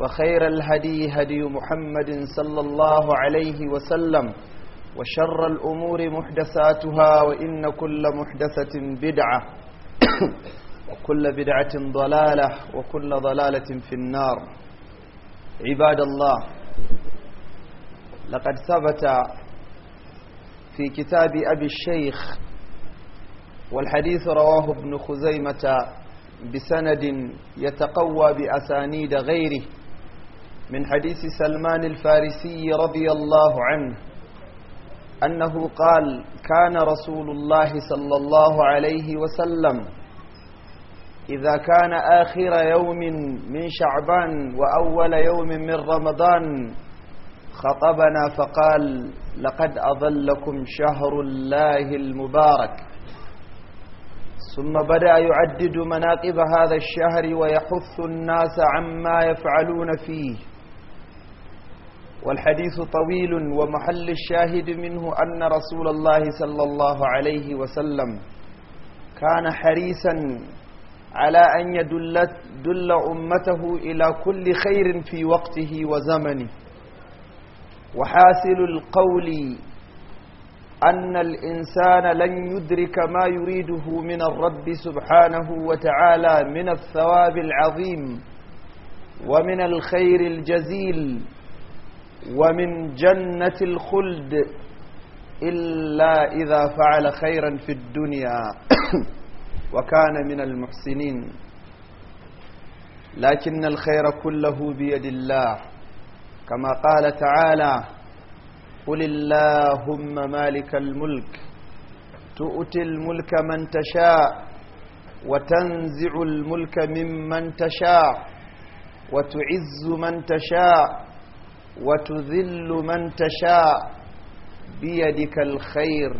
وخير الهدي هدي محمد صلى الله عليه وسلم وشر الأمور محدثاتها وإن كل محدثة بدعة وكل بدعة ضلالة وكل ضلالة في النار عباد الله لقد ثبت في كتاب أبي الشيخ والحديث رواه ابن خزيمة بسند يتقوى بأسانيد غيره من حديث سلمان الفارسي رضي الله عنه أنه قال كان رسول الله صلى الله عليه وسلم إذا كان آخر يوم من شعبان وأول يوم من رمضان خطبنا فقال لقد أظلكم شهر الله المبارك ثم بدأ يعدد مناقب هذا الشهر ويحث الناس عما يفعلون فيه والحديث طويل ومحل الشاهد منه أن رسول الله صلى الله عليه وسلم كان حريصا على أن يدل دل أمته إلى كل خير في وقته وزمنه وحاصل القول أن الإنسان لن يدرك ما يريده من الرب سبحانه وتعالى من الثواب العظيم ومن الخير الجزيل ومن جنة الخلد إلا إذا فعل خيرا في الدنيا وكان من المحسنين لكن الخير كله بيد الله كما قال تعالى قل اللهم مالك الملك تؤتي الملك من تشاء وتنزع الملك ممن تشاء وتعز من تشاء وتذل من تشاء بيدك الخير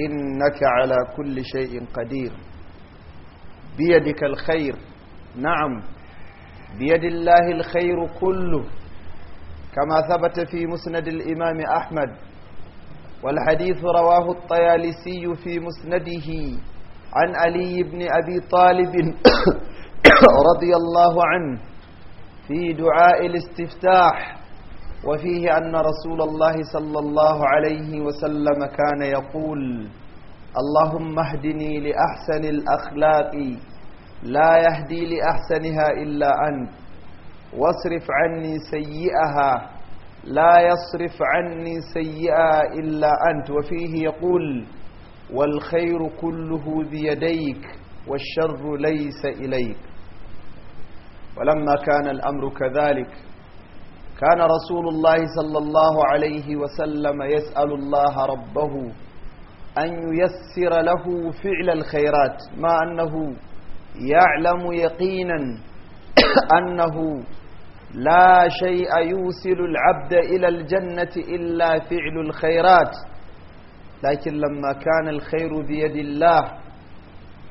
إنك على كل شيء قدير بيدك الخير نعم بيد الله الخير كله كما ثبت في مسند الإمام أحمد والحديث رواه الطيالسي في مسنده عن علي بن أبي طالب رضي الله عنه في دعاء الاستفتاح وفيه أن رسول الله صلى الله عليه وسلم كان يقول اللهم اهدني لأحسن الأخلاق لا يهدي لأحسنها إلا أنت واصرف عني سيئها لا يصرف عني سيئا إلا أنت وفيه يقول والخير كله بيديك والشر ليس إليك ولما كان الأمر كذلك كان رسول الله صلى الله عليه وسلم يسأل الله ربه أن ييسر له فعل الخيرات ما أنه يعلم يقينا أنه لا شيء يوصل العبد إلى الجنة إلا فعل الخيرات لكن لما كان الخير بيد الله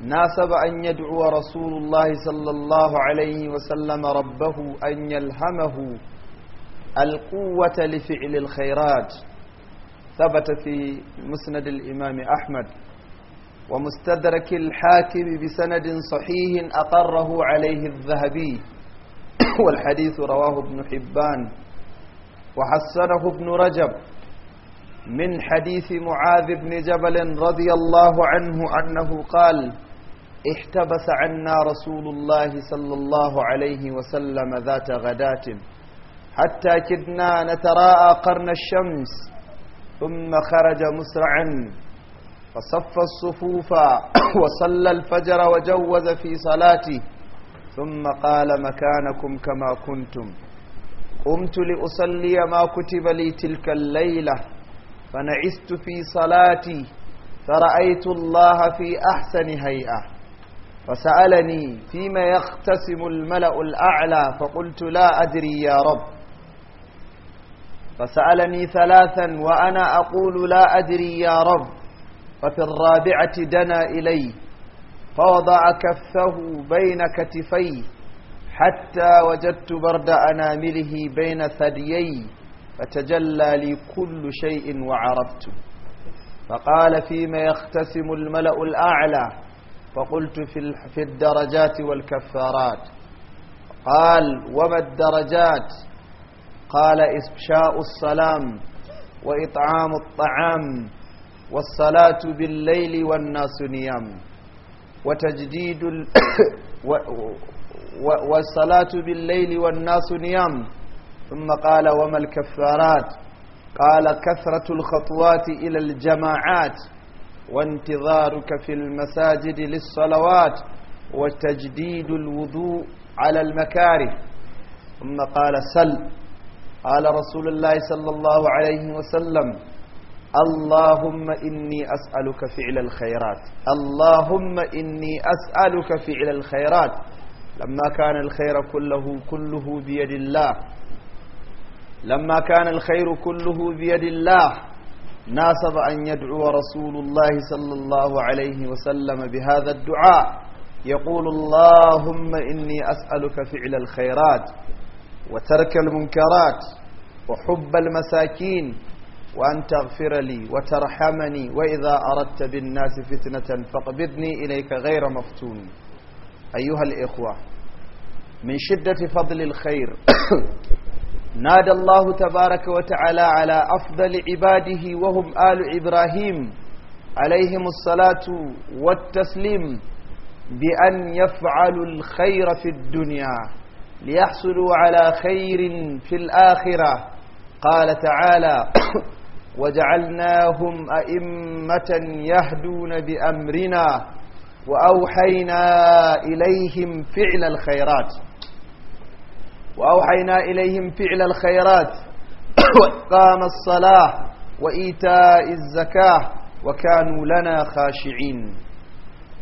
ناسب أن يدعو رسول الله صلى الله عليه وسلم ربه أن يلهمه القوة لفعل الخيرات ثبت في مسند الإمام أحمد ومستدرك الحاكم بسند صحيح أقره عليه الذهبي والحديث رواه ابن حبان وحسنه ابن رجب من حديث معاذ بن جبل رضي الله عنه أنه قال احتبس عنا رسول الله صلى الله عليه وسلم ذات غداة حتى كدنا نتراءى قرن الشمس ثم خرج مسرعا فصف الصفوف وصلى الفجر وجوز في صلاته ثم قال مكانكم كما كنتم قمت لأصلي ما كتب لي تلك الليلة فنعست في صلاتي فرأيت الله في أحسن هيئة فسألني فيما يختصم الملأ الأعلى فقلت لا أدري يا رب فسألني ثلاثا وأنا أقول لا أدري يا رب ففي الرابعة دنا إلي فوضع كفه بين كتفي حتى وجدت برد أنامله بين ثديي فتجلى لي كل شيء وعرفت فقال فيما يختسم الملأ الأعلى فقلت في, في الدرجات والكفارات قال وما الدرجات؟ قال إفشاء السلام وإطعام الطعام والصلاة بالليل والناس نيام وتجديد ال... والصلاة بالليل والناس نيام ثم قال وما الكفارات قال كثرة الخطوات إلى الجماعات وانتظارك في المساجد للصلوات وتجديد الوضوء على المكاره ثم قال سل قال رسول الله صلى الله عليه وسلم اللهم إني أسألك فعل الخيرات اللهم إني أسألك فعل الخيرات لما كان الخير كله كله بيد الله لما كان الخير كله بيد الله ناسب أن يدعو رسول الله صلى الله عليه وسلم بهذا الدعاء يقول اللهم إني أسألك فعل الخيرات وترك المنكرات وحب المساكين وأن تغفر لي وترحمني وإذا أردت بالناس فتنة فاقبضني إليك غير مفتون أيها الإخوة من شدة فضل الخير نادى الله تبارك وتعالى على أفضل عباده وهم آل إبراهيم عليهم الصلاة والتسليم بأن يفعلوا الخير في الدنيا ليحصلوا على خير في الآخرة قال تعالى وجعلناهم أئمة يهدون بأمرنا وأوحينا إليهم فعل الخيرات وأوحينا إليهم فعل الخيرات وإقام الصلاة وإيتاء الزكاة وكانوا لنا خاشعين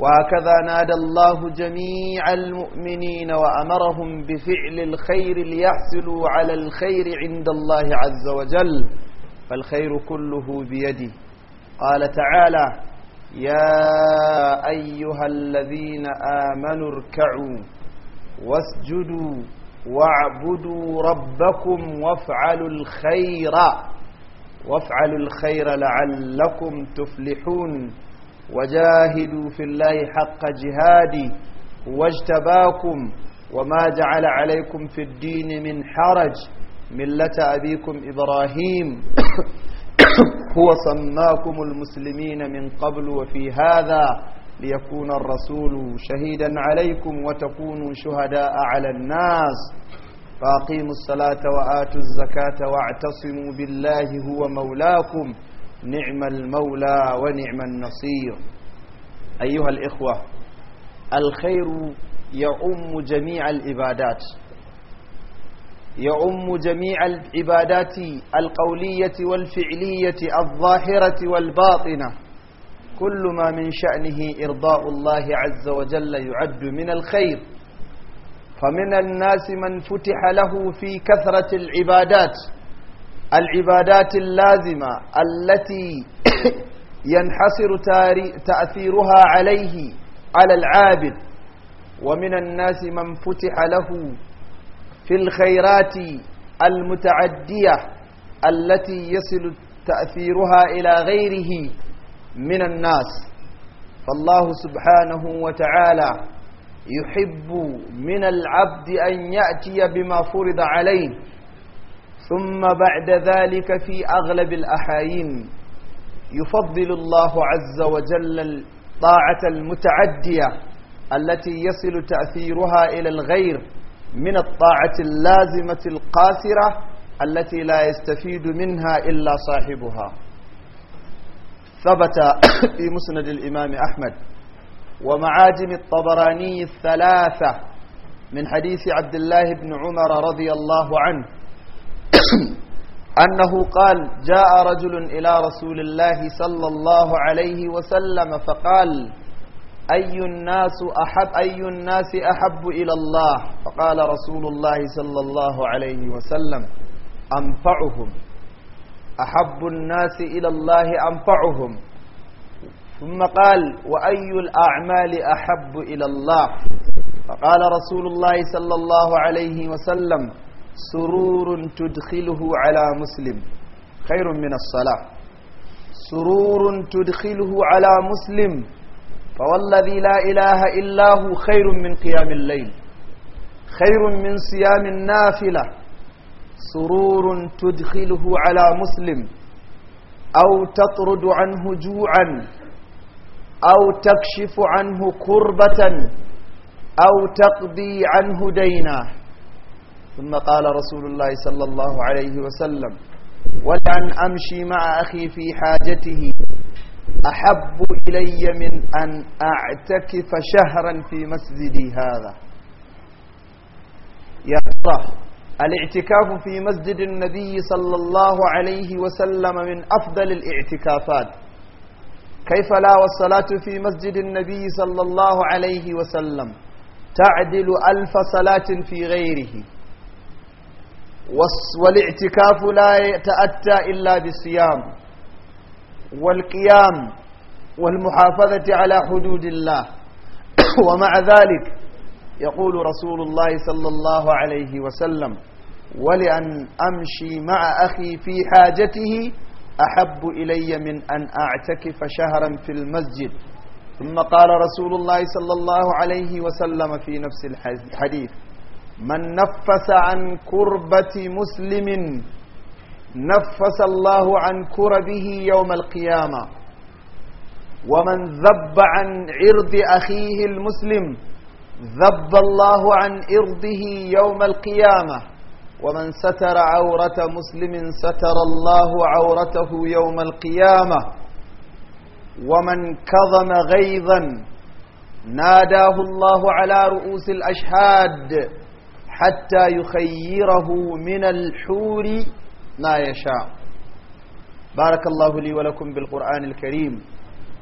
وهكذا نادى الله جميع المؤمنين وأمرهم بفعل الخير ليحصلوا على الخير عند الله عز وجل فالخير كله بيده قال تعالى يا أيها الذين آمنوا اركعوا واسجدوا واعبدوا ربكم وافعلوا الخير وافعلوا الخير لعلكم تفلحون وجاهدوا في الله حق جهادي واجتباكم وما جعل عليكم في الدين من حرج ملة أبيكم إبراهيم هو صماكم المسلمين من قبل وفي هذا ليكون الرسول شهيدا عليكم وتكونوا شهداء على الناس فأقيموا الصلاة وآتوا الزكاة واعتصموا بالله هو مولاكم نعم المولى ونعم النصير أيها الإخوة الخير يعم جميع العبادات يعم جميع العبادات القولية والفعلية الظاهرة والباطنة كل ما من شأنه إرضاء الله عز وجل يعد من الخير فمن الناس من فتح له في كثرة العبادات العبادات اللازمة التي ينحصر تأثيرها عليه على العابد ومن الناس من فتح له في الخيرات المتعدية التي يصل تأثيرها إلى غيره من الناس فالله سبحانه وتعالى يحب من العبد أن يأتي بما فرض عليه ثم بعد ذلك في أغلب الأحايين يفضل الله عز وجل الطاعة المتعدية التي يصل تأثيرها إلى الغير من الطاعة اللازمة القاسره التي لا يستفيد منها إلا صاحبها ثبت في مسند الإمام أحمد ومعاجم الطبراني الثلاثة من حديث عبد الله بن عمر رضي الله عنه أنه قال جاء رجل إلى رسول الله صلى الله عليه وسلم فقال أي الناس أحب أي الناس أحب إلى الله فقال رسول الله صلى الله عليه وسلم أنفعهم أحب الناس إلى الله أنفعهم ثم قال وأي الأعمال أحب إلى الله فقال رسول الله صلى الله عليه وسلم سرور تدخله على مسلم خير من الصلاة سرور تدخله على مسلم فوالذي لا إله إلا هو خير من قيام الليل خير من صيام النافلة سرور تدخله على مسلم أو تطرد عنه جوعا أو تكشف عنه كربة أو تقضي عنه ديناً ثم قال رسول الله صلى الله عليه وسلم ولأن أمشي مع أخي في حاجته أحب إلي من أن أعتكف شهرا في مسجدي هذا يا ترى الاعتكاف في مسجد النبي صلى الله عليه وسلم من أفضل الاعتكافات كيف لا والصلاة في مسجد النبي صلى الله عليه وسلم تعدل ألف صلاة في غيره والاعتكاف لا يتأتى إلا بالصيام والقيام والمحافظة على حدود الله ومع ذلك يقول رسول الله صلى الله عليه وسلم ولأن أمشي مع أخي في حاجته أحب إلي من أن أعتكف شهرا في المسجد ثم قال رسول الله صلى الله عليه وسلم في نفس الحديث من نفس عن كربة مسلم نفس الله عن كربه يوم القيامة ومن ذب عن عرض أخيه المسلم ذب الله عن عرضه يوم القيامة ومن ستر عورة مسلم ستر الله عورته يوم القيامة ومن كظم غيظا ناداه الله على رؤوس الأشهاد حتى يخيره من الحور ما يشاء بارك الله لي ولكم بالقرآن الكريم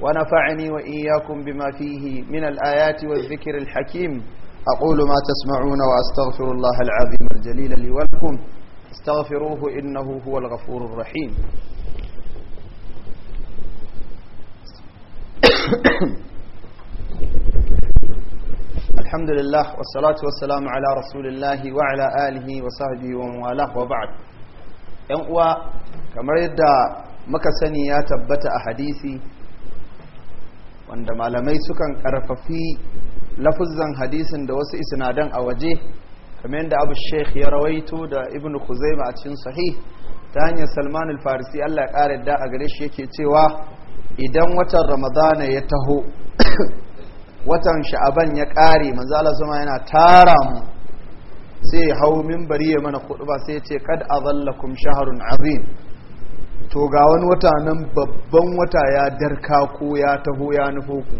ونفعني وإياكم بما فيه من الآيات والذكر الحكيم أقول ما تسمعون وأستغفر الله العظيم الجليل لي ولكم استغفروه إنه هو الغفور الرحيم الحمد لله والصلاة والسلام على رسول الله وعلى آله وصحبه ومن والاه وبعد ‘yan uwa kamar yadda muka sani ya tabbata a hadisi wanda malamai sukan karfafi lafuzan hadisin da wasu isnadan a waje kamar yadda abu sheikh ya rawaito da ibn khuzaima a cikin sahih ta hanyar salman al-farisi allah ya ƙara yadda a gare shi yake cewa idan watan ramadana ya taho watan sha'aban ya ƙare manzo Allah sama yana tara mu sai hau minbari ya mana ba sai ya ce kad azallakum shahrun azim to ga wani wata nan babban wata ya darka ko ya taho ya nufo ku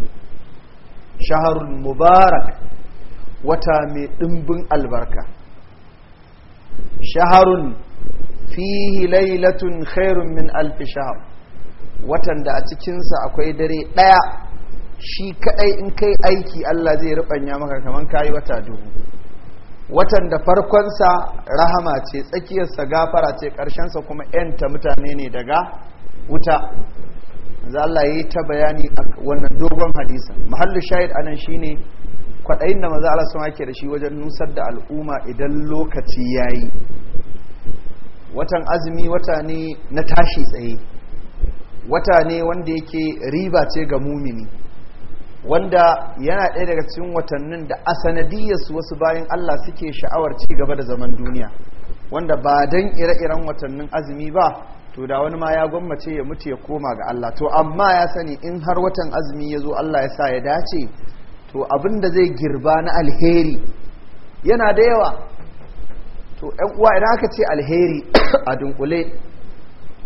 shahrun mubarak wata mai dimbin albarka shahrun fihi lailatun khairun min alf shahr watan da a cikinsa akwai dare daya shi kadai in kai aiki Allah zai rubanya maka kaman kayi wata dubu watan da farkonsa rahama ce tsakiyarsa gafara ce karshensa kuma yanta mutane ne daga wuta za Allah yi ta bayani a wannan dogon hadisa mahallu shahid anan shine kwaɗayin da maza Allah sama ke da shi wajen nusar da al'umma idan lokaci ya yi watan azumi wata ne na tashi tsaye wata ne wanda yake riba ce ga mumini wanda yana ɗaya daga cikin watannin da a sanadiyarsu wasu bayan Allah suke sha'awar ci gaba da zaman duniya wanda ba don ire-iren watannin azumi ba to da wani ma ya gwammace ya mutu ya koma ga Allah to amma ya sani in har watan azumi ya zo Allah ya sa ya dace to abin da zai girba na alheri yana da yawa to uwa idan aka ce alheri a dunkule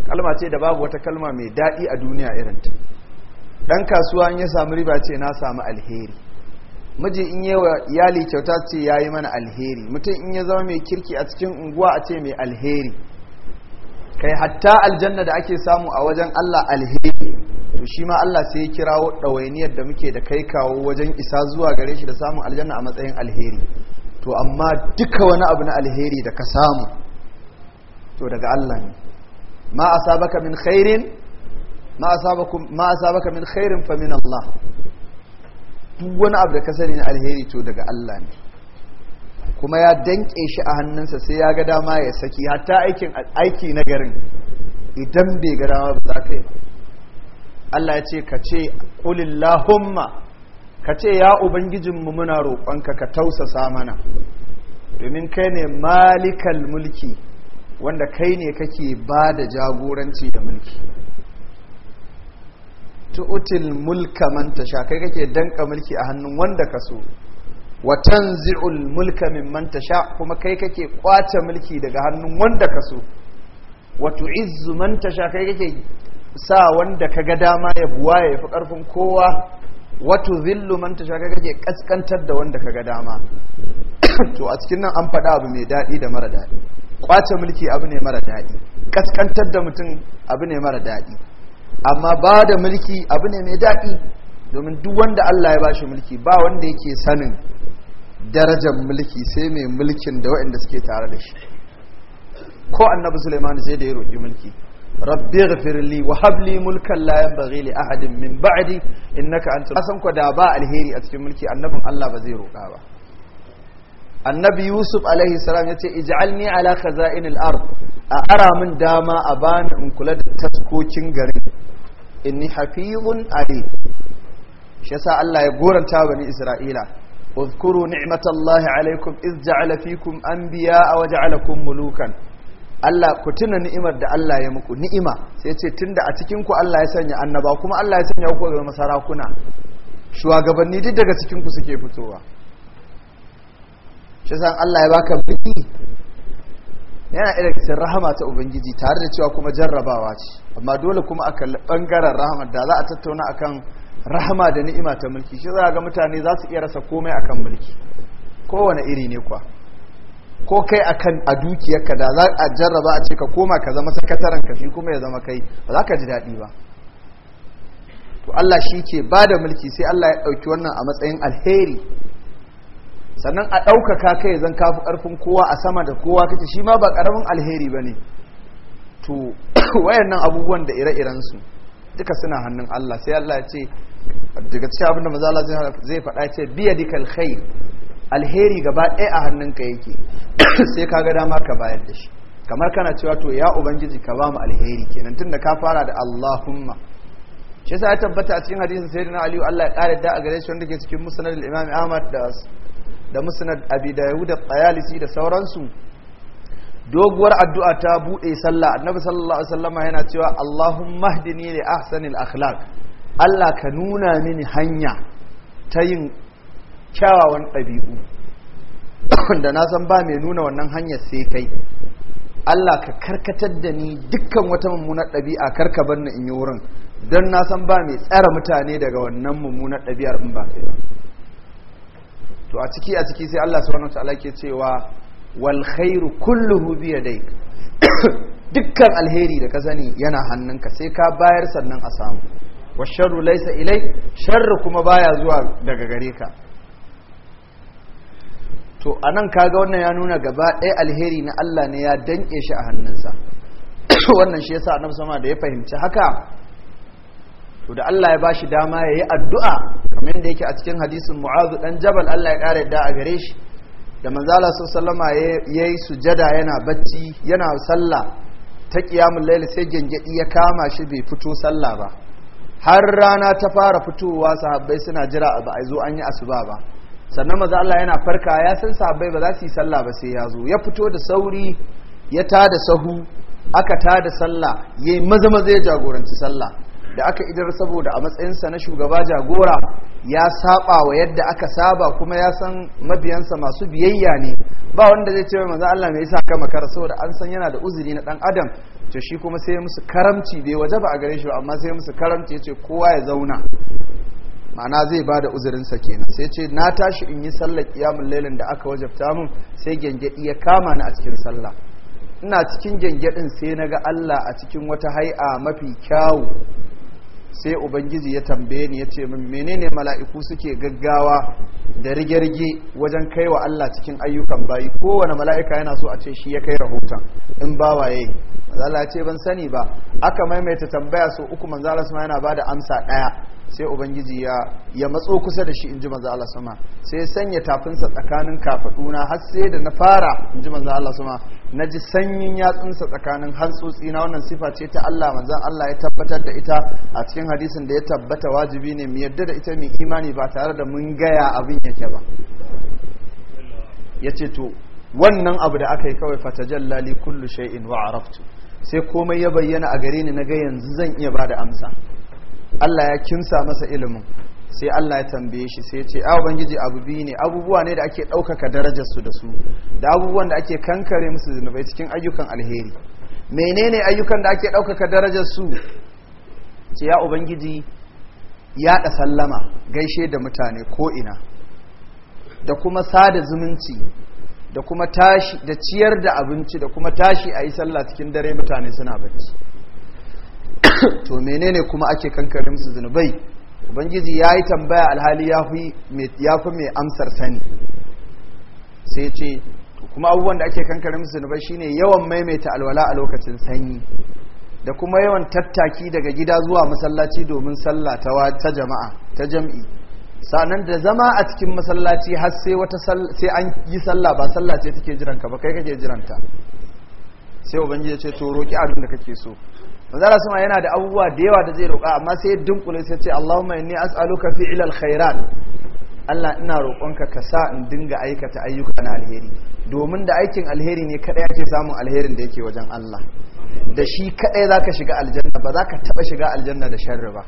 kalma ce da babu wata kalma mai daɗi a duniya irin ta. dan kasuwa in ya samu riba ce na samu alheri miji in yi wa iyali kyauta ce ya yi mana alheri mutum in ya zama mai kirki a cikin unguwa a ce mai alheri kai hatta aljanna da ake samu a wajen allah alheri to shi ma allah sai ya kirawo ɗawainiyar da muke da kai kawo wajen isa zuwa gare shi da samun aljanna a matsayin alheri to amma duka wani abu na alheri da ka samu to daga allah ne ma asabaka min khairin ma asabakum ma asabaka min khairin fa min Allah duk wani abu da ka sani na alheri to daga Allah ne kuma ya danke shi a hannunsa sai ya ga dama ya saki hatta aikin aiki na garin idan bai ga dama ba za ka yi ba Allah ya ce ka ce kulillahumma ka ce ya ubangijinmu muna roƙonka ka tausasa mana domin kai ne malikal mulki wanda kai ne kake ba da jagoranci da mulki tu'til mulka man tasha kai kake danka mulki a hannun wanda ka so wa tanzi'ul mulka man tasha kuma kai kake kwace mulki daga hannun wanda ka so wa tu'izzu man tasha kai kake sa wanda ka ga dama ya buwa ya fi karfin kowa wa tuzillu man tasha kai kake kaskantar da wanda ka ga dama to a cikin nan an faɗa abu mai daɗi da mara daɗi kwace mulki abu ne mara daɗi kaskantar da mutum abu ne mara daɗi amma ba da mulki abu ne mai daɗi domin duk wanda Allah ya bashi mulki ba wanda yake sanin darajar mulki sai mai mulkin da waɗanda suke tare da shi ko annabi Suleiman sai da ya roƙi mulki rabbi ghafirli wa habli mulkan layan yanbaghi li ahadin min ba'di innaka antum asan ko da ba alheri a cikin mulki annabin Allah ba zai roƙa ba annabi yusuf alaihi salam ya ce ij'alni ala al ard a ara min dama a bani in kula da taskokin garin inni hafizun ali shi yasa Allah ya goranta bani isra'ila uzkuru ni'matallahi alaikum iz ja'ala fikum anbiya'a wa ja'alakum mulukan Allah ku tuna ni'imar da Allah ya muku ni'ima sai ce tunda a cikin ku Allah ya sanya annaba kuma Allah ya sanya ku ga masarakuna shugabanni duk daga cikin ku suke fitowa shi san Allah ya baka mulki yana irin cikin rahama ta ubangiji tare da cewa kuma jarrabawa ce amma dole kuma a kalli bangaren rahama da za a tattauna akan rahama da ni'ima ta mulki shi za ga mutane za su iya rasa komai akan mulki kowane iri ne kuwa ko kai akan a dukiyarka da za a jarraba a ce ka koma ka zama sakataren ka shi kuma ya zama kai ba za ka ji daɗi ba to Allah shi ke ba da mulki sai Allah ya ɗauki wannan a matsayin alheri sannan a ɗaukaka kai zan kafi ƙarfin kowa a sama da kowa kake shi ma ba ƙaramin alheri ba ne to wayannan abubuwan da ire-irensu duka suna hannun Allah sai Allah ya ce daga cikin abin da maza Allah zai faɗa ce biya dikal khair alheri gaba ɗaya a hannun ka yake sai ka ga dama ka bayar da shi kamar kana cewa to ya ubangiji ka ba mu alheri kenan tunda ka fara da Allahumma shi yasa ya tabbata a cikin hadisin sayyidina Ali Allah ya ƙara da a gare shi wanda ke cikin musnad al-Imam Ahmad da da musnad abi dawud at qayalisi da sauransu doguwar addu'a ta bude sallah annabi sallallahu alaihi wasallam yana cewa allahumma hdini li ahsanil akhlaq Allah ka nuna mini hanya ta yin kyawawan ɗabi'u da na san ba mai nuna wannan hanyar sai kai Allah ka karkatar da ni dukkan wata mummunar ɗabi'a karka bar ni in yi wurin don na san ba mai tsara mutane daga wannan mummunar ɗabi'ar in ba kai ba to a ciki a ciki sai Allah subhanahu wataala ke cewa wal khairu kulluhu bi yadayk dukkan alheri da ka sani yana hannunka sai ka bayar sannan a samu wa sharru laysa ilai sharru kuma baya zuwa daga gare ka to anan kaga wannan ya nuna gaba ɗaya alheri na Allah ne ya danƙe shi a hannunsa wannan shi yasa annabi sama da ya fahimci haka to da Allah ya bashi dama yayi addu'a kamar yadda yake a cikin hadisin Mu'adh dan Jabal Allah ya kare da a gare shi da manzala sallama yayi sujada yana bacci yana sallah ta qiyamul layl sai gengedi ya kama shi bai fito sallah ba har rana ta fara fitowa sahabbai suna jira ba a zo an yi asuba ba sannan maza Allah yana farka ya san sahabbai ba za su yi sallah ba sai ya zo ya fito da sauri ya ta da sahu aka ta da sallah yayi maza maza ya jagoranci sallah da aka idar saboda a matsayinsa na shugaba jagora ya saba wa yadda aka saba kuma ya san mabiyansa masu biyayya ne ba wanda zai ce wa manzo Allah me yasa kama makara saboda an san yana da uzuri na dan adam to shi kuma sai musu karamci bai waje ba a gare shi amma sai musu karamci ce kowa ya zauna ma'ana zai ba da uzurin sa kenan sai ce na tashi in yi sallar kiyamun lailin da aka wajabta mun sai gyangyaɗi ya kama ni a cikin sallah ina cikin gyangyaɗin sai na ga Allah a cikin wata hai'a mafi kyawu sai ubangiji ya tambaye ni ya ce min menene mala'iku suke gaggawa da rige-rige wajen kaiwa Allah cikin ayyukan bayi kowane mala'ika yana so a ce shi ya kai rahoton in ba waye. manzala ce ban sani ba aka maimaita tambaya so uku manzala sama yana ba da amsa ɗaya sai ubangiji ya ya matso kusa da shi in ji manzo Allah sama sai sanya tafinsa tsakanin kafaduna har sai da na fara in ji manzo Allah sama na ji sanyin yatsunsa tsakanin hantsotsi na wannan sifa ce ta Allah manzan Allah ya tabbatar da ita a cikin hadisin da ya tabbata wajibi ne mu yadda da ita mai imani ba tare da mun gaya abin yake ba ya ce to wannan abu da aka yi kawai fatajalla li kullu shay'in wa araftu sai komai ya bayyana a gare ni na ga yanzu zan iya bada amsa Allah ya kinsa masa ilimin sai Allah ya tambaye shi sai ce a ubangiji abu biyu ne abubuwa ne da ake ɗaukaka darajarsu da su da abubuwan da ake kankare musu zunubai cikin ayyukan alheri menene ayyukan da ake ɗaukaka darajarsu ce ya ubangiji yaɗa sallama gaishe da mutane ko'ina da kuma sada zumunci da kuma tashi da ciyar da abinci da kuma tashi a yi sallah cikin dare mutane suna bacci to menene kuma ake kankare musu zunubai ubangiji ya yi tambaya alhali ya fi mai amsar sani sai ce kuma abubuwan da ake kankarin zunubai ne yawan maimaita alwala a lokacin sanyi da kuma yawan tattaki daga gida zuwa masallaci domin sallah ta jama'a ta jam'i sannan da zama a cikin masallaci har sai wata sai an yi sallah ba sallah ce take jiranka ba kai kake jiranta sai ubangiji ya ce to roki abin da kake so manzala sama yana da abubuwa da yawa da zai roƙa amma sai dunkule sai ce Allahumma inni as'aluka ilal alkhairat Allah ina roƙonka ka sa in dinga aikata ayyuka na alheri domin da aikin alheri ne kaɗai ake samun alherin da yake wajen Allah da shi kadai zaka shiga aljanna ba ka taba shiga aljanna da sharri ba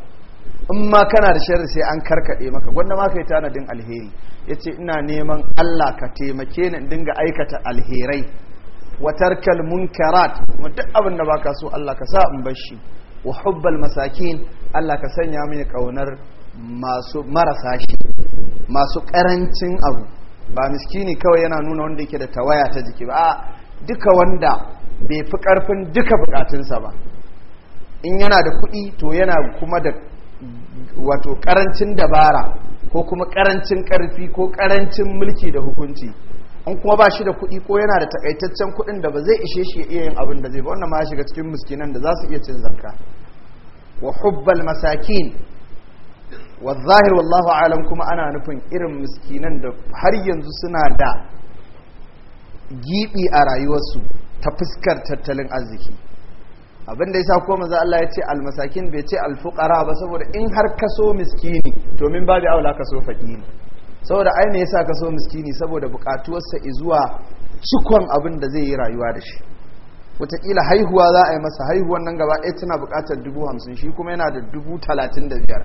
in ma kana da sharri sai an karkade maka gwanda ma kai tanadin alheri yace ina neman Allah ka taimake ni in dinga aikata alherai wa tarkal munkarat kuma duk abin da baka so Allah ka sa in bashi, shi wa hubbal masakin Allah ka sanya mini kaunar masu marasa shi masu karancin abu ba miskini kawai yana nuna wanda yake da tawaya ta jiki ba a duka wanda bai fi karfin duka bukatunsa ba in yana da kuɗi to yana kuma da wato karancin dabara ko kuma karancin karfi ko karancin mulki da hukunci in kuma ba shi da kuɗi ko yana da takaitaccen kuɗin da ba zai ishe shi iya yin abin da zai ba wannan ma ya shiga cikin miskinan da za su iya cin zanka wa hubbal masakin wa zahir wallahu alam kuma ana nufin irin miskinan da har yanzu suna da gibi a rayuwarsu ta fuskar tattalin arziki abin abinda yasa ko maza Allah ya ce almasakin bai ce alfuqara ba saboda in har kaso miskini to min babu aula kaso ne. saboda ai me yasa ka so miskini saboda bukatuwarsa zuwa cikon abin da zai yi rayuwa da shi wataƙila haihuwa za a yi masa haihuwan nan gaba ɗaya tana buƙatar dubu hamsin shi kuma yana da dubu talatin da biyar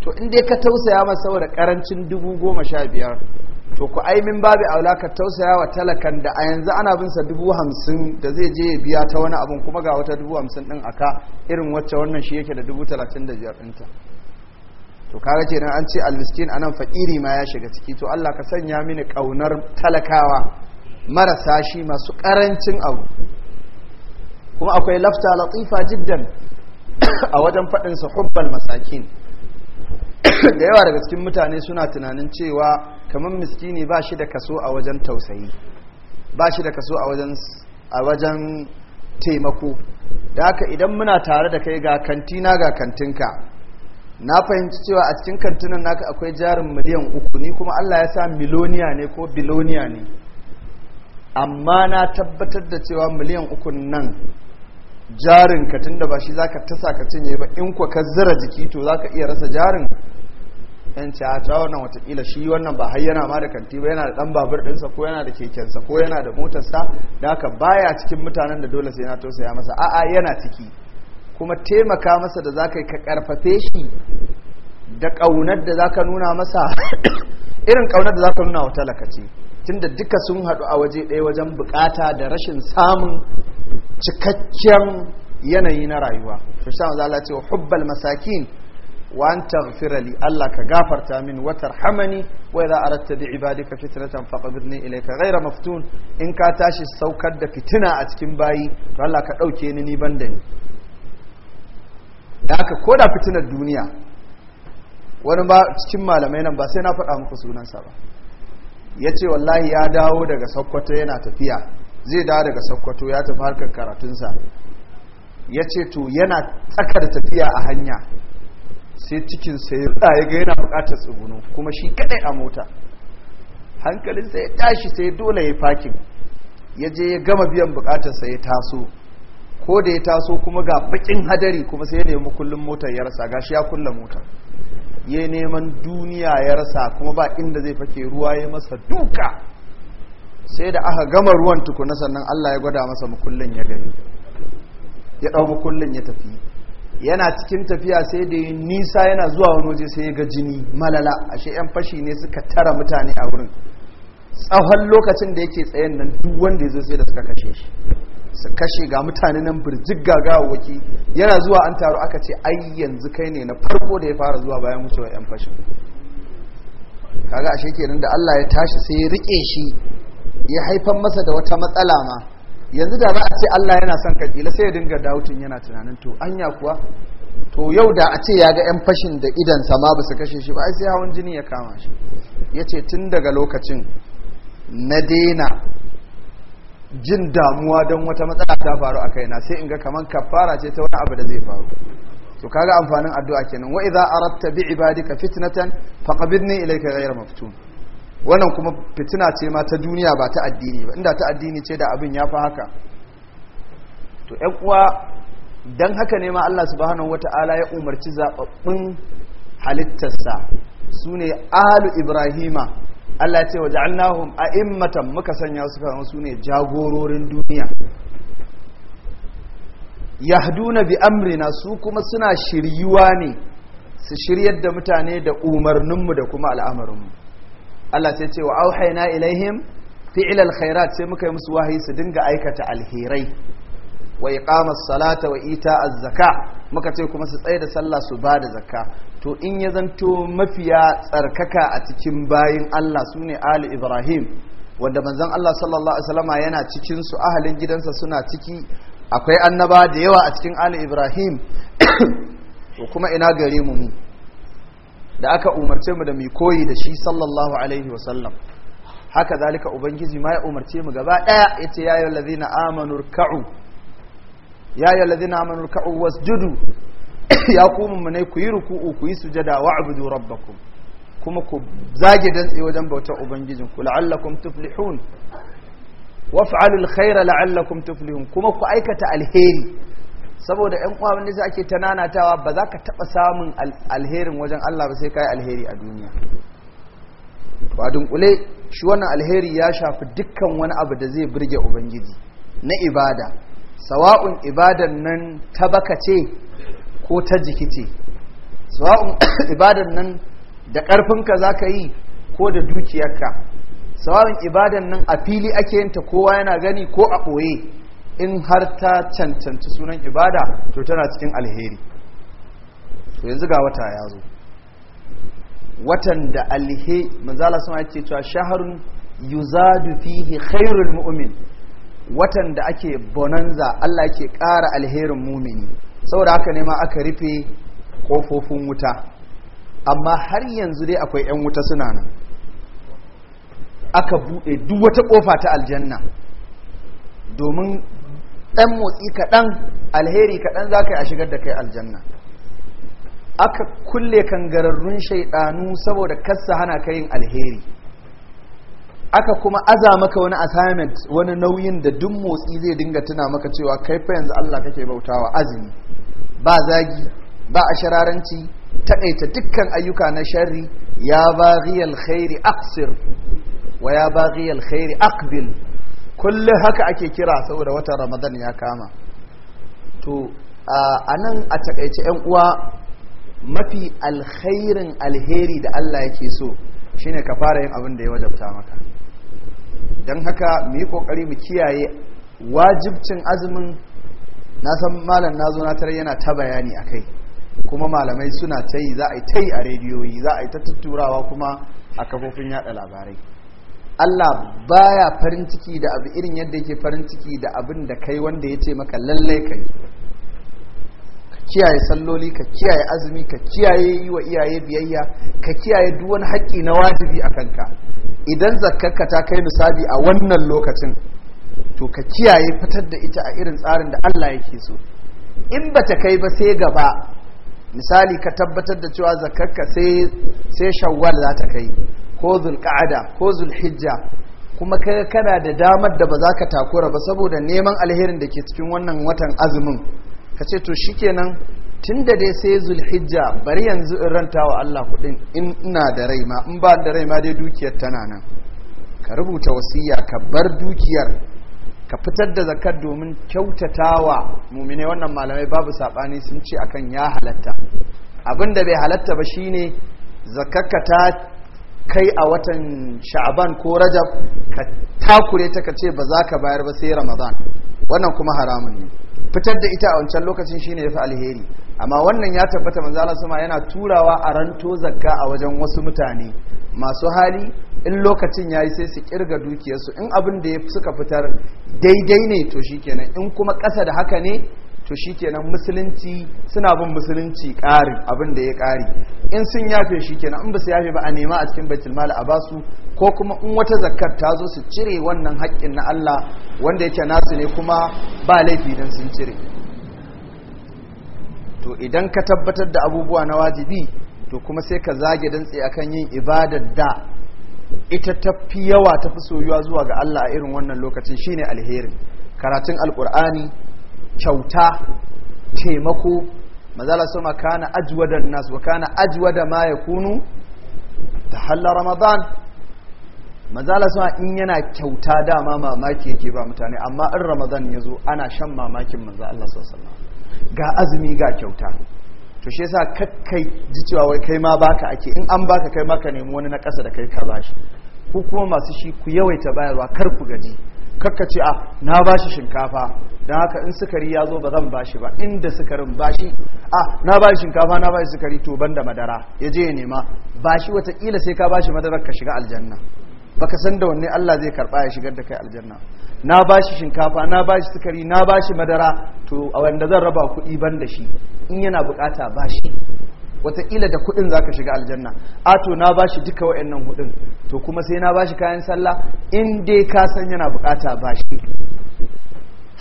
to in dai ka tausaya masa saboda ƙarancin dubu goma sha biyar to ku min babu aula ka tausaya wa talakan da a yanzu ana bin sa dubu hamsin da zai je ya biya ta wani abin kuma ga wata dubu hamsin ɗin aka irin wacce wannan shi yake da dubu talatin da biyar ɗinta to kaga kenan an ce almiskin anan fakiri ma ya shiga ciki to Allah ka sanya mini ƙaunar talakawa marasa shi masu karancin abu kuma akwai lafta latifa jiddan a wajen faɗin sa hubbal masakin da yawa daga cikin mutane suna tunanin cewa kamar miskini ba shi da kaso a wajen tausayi ba shi da kaso a wajen taimako da haka idan muna tare da kai ga kantina ga kantinka na fahimci cewa a cikin kantinan naka akwai jarin miliyan uku ni kuma Allah ya sa miloniya ne ko biloniya ne amma na tabbatar da cewa miliyan uku nan jarin ka tunda ba shi zaka tasa ka cinye ba in kwa ka zira jiki to zaka iya rasa jarin yan ta wannan watakila shi wannan ba har yana ma da kanti ba yana da dan babur dinsa ko yana da kekensa ko yana da motarsa da haka baya cikin mutanen da dole sai na tausaya masa a'a yana ciki kuma taimaka masa da za ka yi shi da ƙaunar da za ka nuna masa irin ƙaunar da za ka nuna wa talakaci tunda duka sun haɗu a waje ɗaya wajen buƙata da rashin samun cikakken yanayi na rayuwa to shi za ce wa hubbal masakin wa an li Allah ka gafarta min wa tarhamani wa idza aradta bi ibadika fitnatan faqbidni ilayka ghayra maftun in ka tashi saukar da fitina a cikin bayi to Allah ka dauke ni ni banda ni da haka ko da fitinar duniya wani ba cikin malamai nan ba sai na faɗa muku sunansa ba ya ce wallahi ya dawo daga sokoto yana tafiya zai dawo daga sokoto ya tafi harkar karatunsa ya ce to yana tsakar tafiya a hanya sai cikin sai ya ga yana buƙatar tsibunu kuma shi kadai a mota hankalinsa ya tashi sai dole ya fakin ya je ya gama biyan buƙatarsa ya taso ko da ya taso kuma ga bakin hadari kuma sai ya nemi kullum motar ya rasa gashi ya kulle motar ya neman duniya ya rasa kuma ba inda zai fake ruwa ya masa duka sai da aka gama ruwan tukuna sannan Allah ya gwada masa mukullin ya gani ya ɗau mukullin ya tafi yana cikin tafiya sai da nisa yana zuwa wani waje sai ya ga jini malala ashe 'yan fashi ne suka tara mutane a wurin tsawon lokacin da yake tsayen nan duk wanda ya zo sai da suka kashe shi su kashe ga mutane nan birjik gagawaki yana zuwa an taru aka ce ai yanzu kai ne na farko da ya fara zuwa bayan wucewa yan fashin kaga ashe kenan da Allah ya tashi sai ya rike shi ya haifan masa da wata matsala ma yanzu da za a ce Allah yana son ka kila sai ya dinga dautin yana tunanin to anya kuwa to yau da a ce ya ga yan fashin da idan sama ba su kashe shi ba ai sai hawan jini ya kama shi yace tun daga lokacin na daina jin damuwa don wata matsala ta faru a kaina sai in ga kamar kafara ce ta wani abu da zai faru to kaga amfanin addu'a kenan wa idza aratta bi ibadika fitnatan faqbidni ilayka ghayra maftun wannan kuma fitina ce ma ta duniya ba ta addini ba inda ta addini ce da abin ya fa haka to ƴan uwa dan haka ne ma Allah subhanahu wata'ala ya umarci zababbun halittarsa sune ahlu ibrahima Allah ce wa ja'alnahum a'immatan muka sanya su kan su ne jagororin duniya yahduna bi amrina su kuma suna shiryuwa ne su shiryar da mutane da umarninmu da kuma al'amarinmu Allah sai ce wa auhaina ilaihim fi'il alkhairat sai muka yi musu wahayi su dinga aikata alherai wa iqamas salata wa ita az-zaka muka ce kuma su tsaye da sallah su ba da zakka to in ya zanto mafiya tsarkaka a cikin bayin Allah su ne ali ibrahim wanda manzon Allah sallallahu alaihi wasallama yana cikin su ahalin gidansa suna ciki akwai annaba da yawa a cikin ali ibrahim to kuma ina gare mu da aka umarce mu da mu koyi da shi sallallahu alaihi wasallam haka zalika ubangiji ma ya umarce mu gaba daya yace ya ayyuhallazina amanu ruk'u ya yi ladina amanu ka'u ya ku mummunai ku yi ruku'u ku yi sujada wa abudu kuma ku zage dantse wajen bauta ubangijin ku la'allakum tuflihun waf'alul khaira la'allakum tuflihun kuma ku aikata alheri saboda yan uwa wanda ake ta nanatawa ba za ka taɓa samun alherin wajen Allah ba sai ka yi alheri a duniya ba dunkule shi wannan alheri ya shafi dukkan wani abu da zai burge ubangiji na ibada sawa'un ibadan nan ta baka ce ko ta jiki ce sawa'un ibadan nan da ƙarfinka za ka yi ko da dukiyarka sawa'un ibadan nan a fili ake yin ta kowa yana gani ko a ɓoye in har ta cancanci sunan ibada to tana cikin alheri to yanzu ga wata ya zo watan da alhe manzala sama yake cewa shaharun yuzadu fihi khairul mu'min watan da ake bonanza Allah ke ƙara alherin mumini saboda haka ne ma aka rufe ƙofofin wuta amma har yanzu dai akwai 'yan wuta suna nan aka buɗe duk wata ƙofa ta aljanna domin ɗan motsi kaɗan alheri kaɗan za ka yi a shigar da kai aljanna aka kulle kangararrun shaiɗanu saboda kasa hana ka yin alheri aka kuma aza maka wani assignment wani nauyin da duk motsi zai dinga tuna maka cewa kai fa yanzu Allah kake bautawa azumi ba zagi ba a shararanci taƙaita dukkan ayyuka na sharri ya baghiyal khairi aqsir wa ya baghiyal khairi aqbil kullu haka ake kira saboda watan Ramadan ya kama to a nan a taƙaice yan uwa mafi alkhairin alheri da Allah yake so shine ka fara yin abin da ya wajabta maka don haka mu yi kokari mu kiyaye wajibcin azumin na san malam na zo na tare yana ta bayani a kai kuma malamai suna ta yi za a yi ta yi a rediyoyi za a yi ta tutturawa kuma a kafofin yada labarai Allah baya farin ciki da abu irin yadda yake farin ciki da abin da kai wanda ya ce maka lallai kai kiyaye salloli ka kiyaye azumi ka kiyaye yi wa iyaye biyayya ka kiyaye duk wani haƙƙi na wajibi a kanka idan zakkarka ta kai nisabi a wannan lokacin to ka kiyaye fitar da ita a irin tsarin da Allah yake so in ba ta kai ba sai gaba misali ka tabbatar da cewa zakarka sai shawwal za ta kai ko zulqa'ada ko zulhijja kuma ka kana da damar da ba za ka takura ba saboda neman alherin da ke cikin wannan watan azumin ka ce to shikenan tun da dai sai zulhijja bari yanzu in ranta wa Allah kudin in ina da rai ma in ba da rai ma dai dukiyar tana nan ka rubuta wasiya ka bar dukiyar ka fitar da zakat domin kyautatawa mumine wannan malamai babu sabani sun ce akan ya halatta abin da bai halatta ba shine zakakka ta kai a watan sha'aban ko rajab ka takure ta ka ce ba za ka bayar ba sai ramadan wannan kuma haramun ne fitar da ita a wancan lokacin shine yafi alheri amma wannan ya tabbata manzo sama yana turawa a ranto zakka a wajen wasu mutane masu hali in lokacin yayi sai su kirga dukiyarsu in abin da ya suka fitar daidai ne to shikenan in kuma kasa da haka ne to shikenan musulunci suna bin musulunci ƙarin abin da ya ƙari in sun yafe shikenan in ba su yafe ba a nema a cikin baitul mal a basu ko kuma in wata zakar ta zo su cire wannan haƙƙin na Allah wanda yake nasu ne kuma ba laifi don sun cire to idan ka tabbatar da abubuwa na wajibi to kuma sai ka zage dantse akan yin ibadar da ita ta fi yawa ta fi soyuwa zuwa ga Allah a irin wannan lokacin shine alherin karatun alkur'ani kyauta taimako mazala sama kana ajwadan nas wa kana ajwada ma yakunu tahalla ramadan mazala suna in yana kyauta dama mamaki yake ba mutane amma in ramadan ya zo ana shan mamakin manzo Allah sallallahu ga azumi ga kyauta to shi yasa kakkai ji cewa wai kai ma baka ake in an baka kai maka nemi wani na ƙasa da kai ka bashi ku kuma masu shi ku yawaita bayarwa kar ku gaji kakka ce a ah, na bashi shinkafa don haka in sukari ya zo ba zan bashi ba inda sukarin bashi a ah, na bashi shinkafa na bashi sukari to ban da madara ya je ya nema bashi watakila sai ka bashi madarar ka shiga aljanna baka san da wanne Allah zai karba ya shigar da kai aljanna na bashi shinkafa na bashi sukari na bashi madara to a wanda zan raba kuɗi ban da shi in yana bukata bashi wataƙila da kuɗin zaka shiga aljanna a to na bashi duka wa'annan kuɗin to kuma sai na bashi kayan sallah in dai ka san yana bukata bashi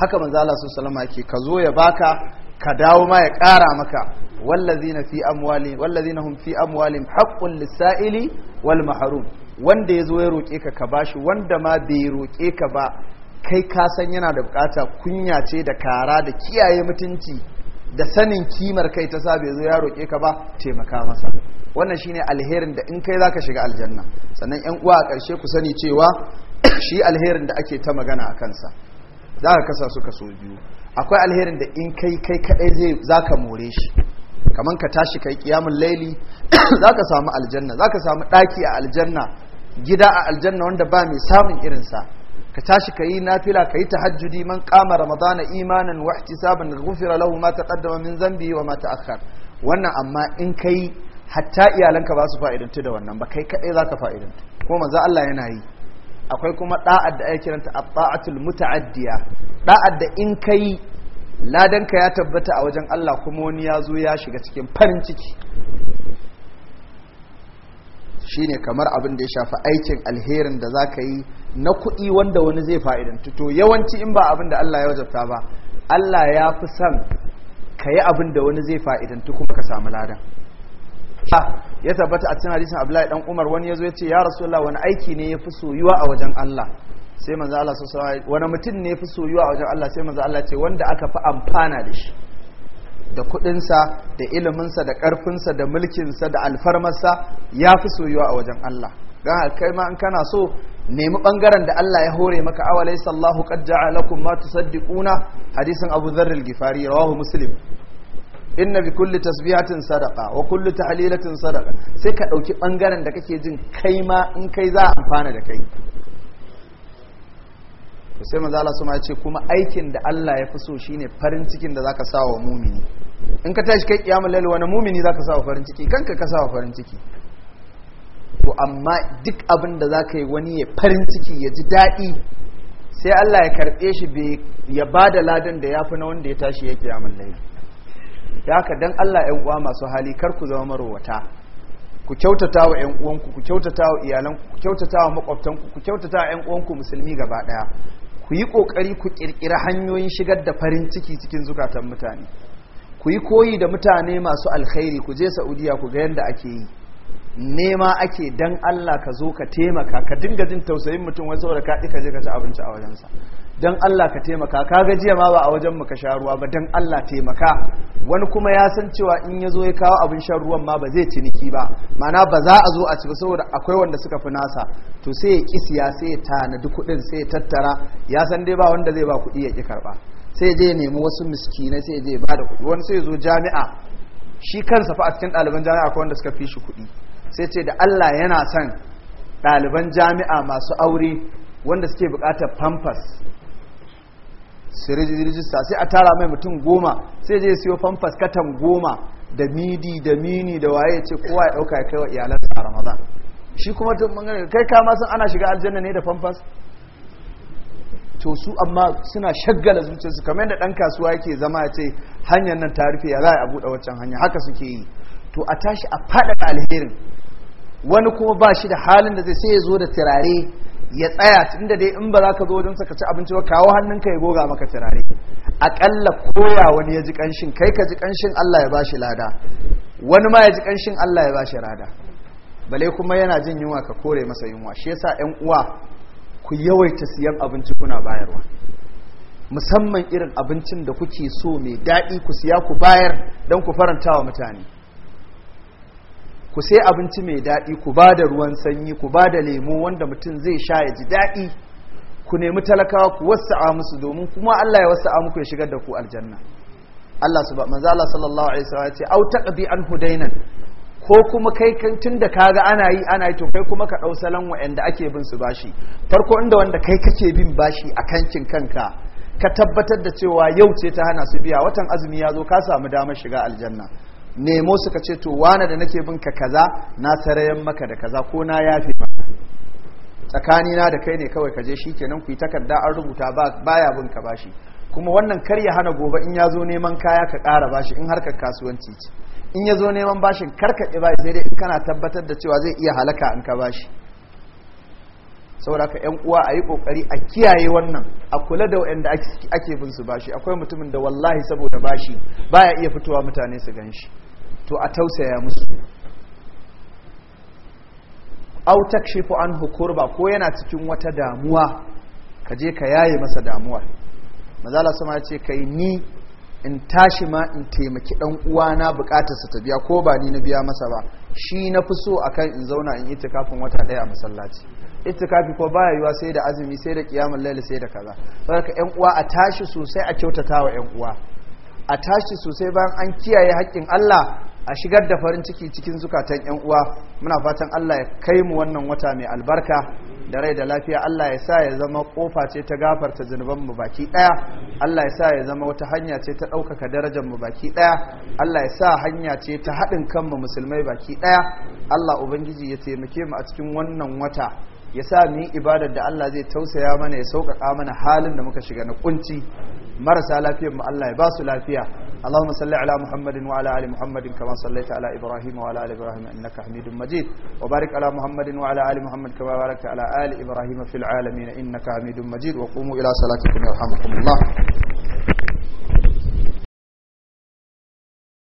haka manzo Allah sallallahu alaihi ka zo ya baka ka dawo ma ya ƙara maka wallazina fi amwali wallazina hum fi amwalihim haqqun lis-sa'ili wal mahrum wanda ya zo ya roƙe ka ka bashi wanda ma bai roƙe ka ba kai ka san yana da bukata kunya ce da kara da kiyaye mutunci da sanin kimar kai ta sa bai zo ya roƙe ka ba taimaka masa wannan shine alherin da in kai zaka shiga aljanna sannan yan uwa a ƙarshe ku sani cewa shi alherin da ake ta magana a kansa za ka kasa su kaso biyu akwai alherin da in kai kai kadai zai zaka more shi kamar ka tashi kai kiyamun laili za ka samu aljanna za ka samu ɗaki a aljanna gida a aljanna wanda ba mai samun irinsa ka tashi ka yi nafila ka yi tahajjudi man kama ramadana imanin wa ihtisaban ghufira lahu ma taqaddama min zambi wa ma ta'akhkhar wannan amma in kai hatta iyalanka ba su fa'idantu da wannan ba kai kadai zaka fa'idantu ko manzo Allah yana yi akwai kuma ɗa'ad da ake kiranta at-ta'atul muta'addiya ɗa'ad da in kai ladanka ya tabbata a wajen Allah kuma wani ya zo ya shiga cikin farin ciki Shi ne kamar abin da ya shafi aikin alherin da za ka yi na kuɗi wanda wani zai fa'idantu to yawanci in ba abin da Allah ya wajabta ba Allah ya fi son ka yi abin da wani zai fa'idantu kuma ka samu ladan ah, ya tabbata a cikin hadisin Abdullahi dan Umar wani yazo ya ce ya Rasulullah wani aiki ne ya fi soyuwa a wajen Allah sai manzo Allah wani mutum ne ya fi soyuwa a wajen Allah sai manzo Allah ce wanda aka fi amfana da shi da kudinsa da iliminsa da karfinsa da mulkinsa da alfarmarsa ya fi soyuwa a wajen Allah don kai ma in kana so nemi ɓangaren da Allah ya hore maka awalai sallahu qad ja'alakum ma tusaddiquna hadisin Abu Dharr al-Ghifari rawahu Muslim inna bi kulli tasbihatin sadaqa wa kulli tahlilatin sadaqa sai ka ɗauki ɓangaren da kake jin kai ma in kai za a amfana da kai to sai manzo Allah ce kuma aikin da Allah ya fi so shine farin cikin da zaka sa wa mumini in ka tashi kai kiyamul lail wani mumini zaka sa wa farin ciki kanka ka sa wa farin ciki to amma duk abin da zaka yi wani ya farin ciki ya ji daɗi sai Allah ya karɓe shi ya ba da ladan da ya fi na wanda ya tashi ya kiyamul lail Ya haka dan Allah ƴan uwa masu hali kar ku zama marowata ku kyautata wa ƴan uwanku ku kyautata wa iyalanku ku kyautata wa makwabtanku ku kyautata wa ƴan uwanku musulmi gaba ɗaya ku yi ƙoƙari ku ƙirƙiri hanyoyin shigar da farin ciki cikin zukatan mutane ku yi koyi da mutane masu alkhairi ku je saudiya ku ga yadda ake yi nema ake dan Allah ka zo ka taimaka ka dinga jin tausayin mutum wai saboda ka ka je ka ci abinci a wajensa dan Allah ka taimaka ka ga jiya ma ba a wajen ka sha ruwa ba dan Allah taimaka wani kuma ya san cewa in ya zo ya kawo abin shan ruwan ma ba zai ciniki ba ma'ana ba za a zo a ci ba saboda akwai wanda suka fi nasa to sai ya ƙi siya sai ya tanadi kuɗin sai ya tattara ya san dai ba wanda zai ba kuɗi ya ƙi karɓa sai je ya nemi wasu miskinai sai je ba da kuɗi wani sai ya zo jami'a shi kansa fa a cikin ɗaliban jami'a akwai wanda suka fi shi kuɗi sai ce da Allah yana son ɗaliban jami'a masu aure wanda suke buƙatar pampas su rijista sai a tara mai mutum goma sai je siyo pampas katan goma da midi da mini da waye ce kowa ya ɗauka ya kai wa iyalansa a ramadan shi kuma tun bangare kai kama sun ana shiga aljanna ne da pampas to su amma suna shaggala zuciyarsu kamar yadda ɗan kasuwa yake zama ya ce hanyar nan ta rufe ya za a buɗe waccan hanya haka suke yi to a tashi a faɗaɗa alherin wani kuma ba shi da halin da zai sai ya zo da turare ya tsaya tunda dai in ba za ka zo wajen saka ci abinci ba kawo hannunka ya goga maka turare aƙalla koya wani ya ji ƙanshin kai ka ji ƙanshin Allah ya bashi lada wani ma ya ji ƙanshin Allah ya bashi lada bale kuma yana jin yunwa ka kore masa yunwa shi yasa ƴan uwa ku yawaita siyan abinci kuna bayarwa musamman irin abincin da kuke so mai daɗi ku siya ku bayar don ku faranta wa mutane ku sai abinci mai daɗi ku ba da ruwan sanyi ku ba da lemu wanda mutum zai sha ya ji daɗi ku nemi talakawa ku wasa'a musu domin kuma Allah ya wasa'a muku ya shigar da ku aljanna Allah ba manzo Allah sallallahu alaihi wasallam ya ce au taqdi an hudainan ko kuma kai tun da kaga ana yi ana yi to kai kuma ka ɗau salon wa'anda ake bin su bashi farko inda wanda kai kake bin bashi a kankin kanka ka tabbatar da cewa yau ce ta hana su biya watan azumi ya zo ka samu damar shiga aljanna nemo suka ce to wane da nake bin ka kaza na sarayen maka da kaza ko na yafe tsakani na da kai ne kawai ka je shikenan ku yi takarda an rubuta baya bin ka bashi kuma wannan kar ya hana gobe in ya zo neman kaya ka kara bashi in harkar kasuwanci ce in ya zo neman bashin karkaɗe bashi sai dai in kana tabbatar da cewa zai iya halaka in ka bashi saboda ka yan uwa a yi ƙoƙari a kiyaye wannan a kula da waɗanda ake bin su bashi akwai mutumin da wallahi saboda bashi baya iya fitowa mutane su gan shi to a tausaya musu au takshifu an hukurba ko yana cikin wata damuwa ka je ka yaye masa damuwa mazala sama ya ce yi ni in tashi ma in taimaki dan uwana su ta biya ko ba ni na biya masa ba shi na fi so akan in zauna in itikafin wata daya a masallaci itikafi ko baya yiwa sai da azumi sai da kiyamul laili sai da kaza saboda yan uwa a tashi sosai a kyautatawa yan uwa a tashi sosai bayan an kiyaye haƙƙin Allah a shigar da farin ciki cikin zukatan 'yan uwa muna fatan Allah ya kai mu wannan wata mai albarka da rai da lafiya Allah ya sa ya zama kofa ce ta gafarta zunuban mu baki daya Allah ya sa ya zama wata hanya ce ta ɗaukaka darajar mu baki daya Allah ya sa hanya ce ta haɗin kanmu musulmai baki daya Allah ubangiji ya taimake mu a cikin wannan wata ya sa mu yi ibadar da Allah zai tausaya mana ya sauƙaƙa mana halin da muka shiga na kunci marasa lafiyar mu Allah ya ba su lafiya اللهم صل على محمد وعلى ال محمد كما صليت على ابراهيم وعلى ال ابراهيم انك حميد مجيد وبارك على محمد وعلى ال محمد كما باركت على ال ابراهيم في العالمين انك حميد مجيد وقوموا الى صلاتكم يرحمكم الله